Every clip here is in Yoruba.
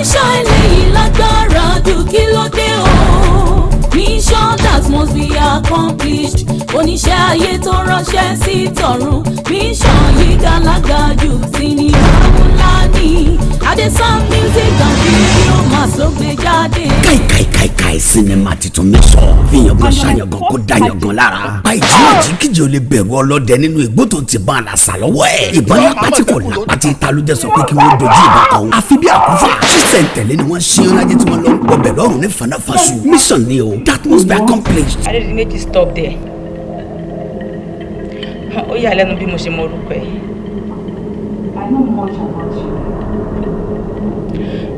Misha eléyìí lágbára jù kí ló dé o. Mission that must be accomplished. Oníṣẹ́ ayé tó ránṣẹ́ sí tọ̀run. Mission yìí galaga jù sí ni Fáwọlá ní. Adesan music and video mass ló gbé jáde sinimá titun mi sọ. fìyàn gan ṣàyàngàn kó da yàngàn lára. pa ìjì òjì kíjì ò lè bẹ̀rù ọlọ́dẹ nínú igbó tó ti ban àlàsà lọ́wọ́ ẹ̀. ìbọn lápàtì kò lápàtì ìtalójẹ sọ pé kí wọ́n dojú ìbọn kan. àfi bí àkúfà ṣíṣẹ́ ntẹ̀lé ni wọ́n ṣe ọ́nájẹ́ tí wọ́n lọ ń gbọbẹ̀ lọ́rùn ní fanáfasu. mission ni o that must be accomplished. adédè méjì stop there. ó yà lẹ́nu bí mo ṣe mọ orúkọ ẹ̀.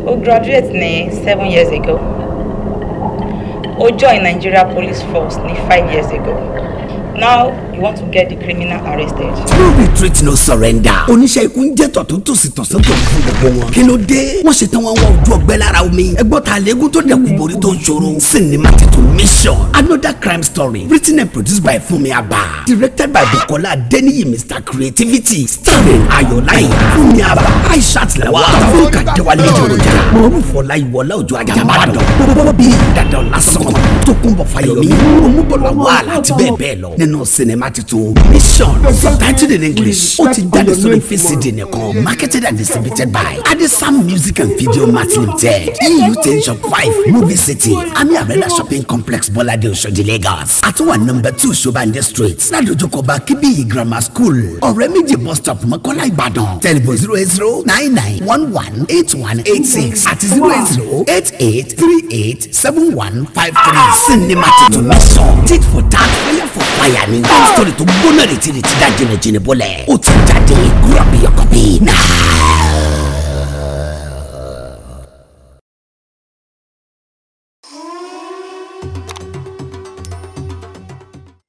ó graduate ní seven years ago ó join Nigeria Police Force ní five years ago Now you want to get the criminal arrested. No retreat, no surrender. Oníṣẹ́ ikú ń jẹ́ tọ̀tún tòsì tọ̀sán tó ń fún gbogbo wọn. Kí ló dé? Wọ́n ṣe tán wọn wá ojú ọgbẹ́ lára omi. Ẹgbọ́n ta lẹ́gùn tó dẹ̀kun borí tó ń ṣòro. Sinima titun Mission. Another crime story. Written and produced by Funmi Aba. Directed by Bukola Adeniyi Mr Creativity. Starring Ayọ̀láyé Funmi Aba. Aishat Lawal. Fúnkà Jẹ́wálé Jòròjà. Mọ̀rú Fọlá Ìwọlá Òjò Ajá Bàdàn. Bọ́bí Dàdàn Lásán. T Kúnbọ̀ Fáyọ̀mí Omúbọ̀lá wàhálà àti bẹ́ẹ̀ bẹ́ẹ̀ lọ nínú sinimá titun mission titled in English ó ti jáde sórí fcd nìkan marketed and distributed by Adesam Music and Video Mart Limited EU ten shop five Movie City Ami Arena Shopping Complex Bọ́ládé Òṣòdì Lagos àtúwà nọ́mbà two Ṣobande Street ládojúkọba Kíbíyì Grammar School ọ̀rẹ́ méjì bus stop Mọ́kọ́lá Ìbàdàn tẹlifon zero eight zero nine nine one one eight one eight six àti zero eight zero eight eight three eight seven one five three six sì ní máa tètè mí sàn. tit for tat fẹlẹ for fire ni. story tó gbóná retireti dá jìnnìjìnnì bọ́lẹ̀. ó ti jáde grab your copy